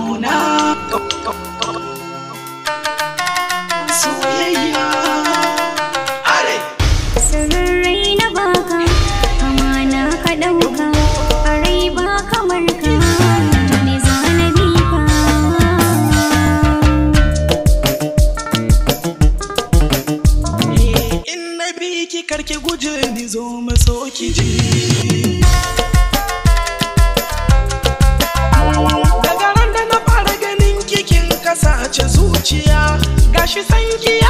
Oh no! ki guje ni zo maso ki ji daga ran da na fara ganin kikin kasace zuciya gashi sanki ya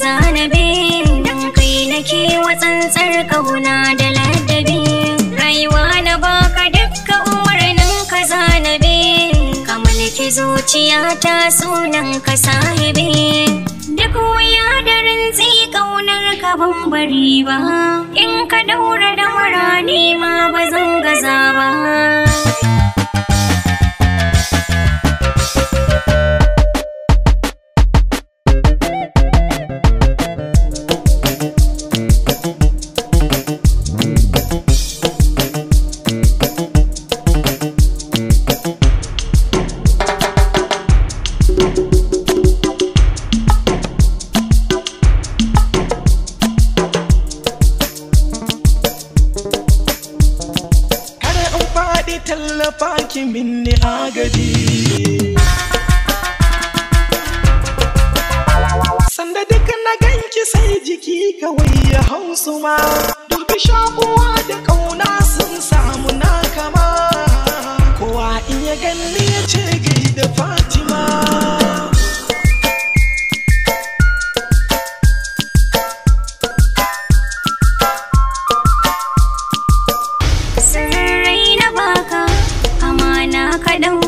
zanabe kai nake wa tsantsar kauna da ladabi rayuwa na baka dukka umarnin ka zanabe ka mulki zuciyata sunan ka sahibi duk wuya da rantsi kaunar ka ban bari ba in ka daura da murani ma ba zan gaza ba tallafa ki minni agaji sanda duk na ganki sai jiki kawai ya hausuma. ma dubi da ƙauna No.